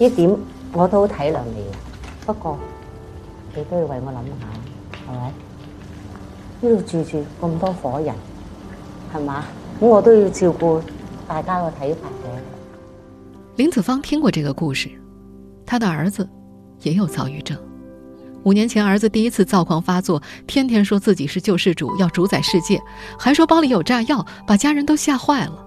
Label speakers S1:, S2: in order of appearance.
S1: 呢點我都體諒你，不過你都要為我諗下，係咪？呢度住
S2: 住咁多火人，係嘛？咁我都要照顧大家嘅睇法嘅。林子芳聽過這個故事，她的兒子也有躁鬱症。五年前，兒子第一次躁狂發作，天天說自己是救世主，要主宰世界，還說包裏有炸藥，把家人都嚇壞了。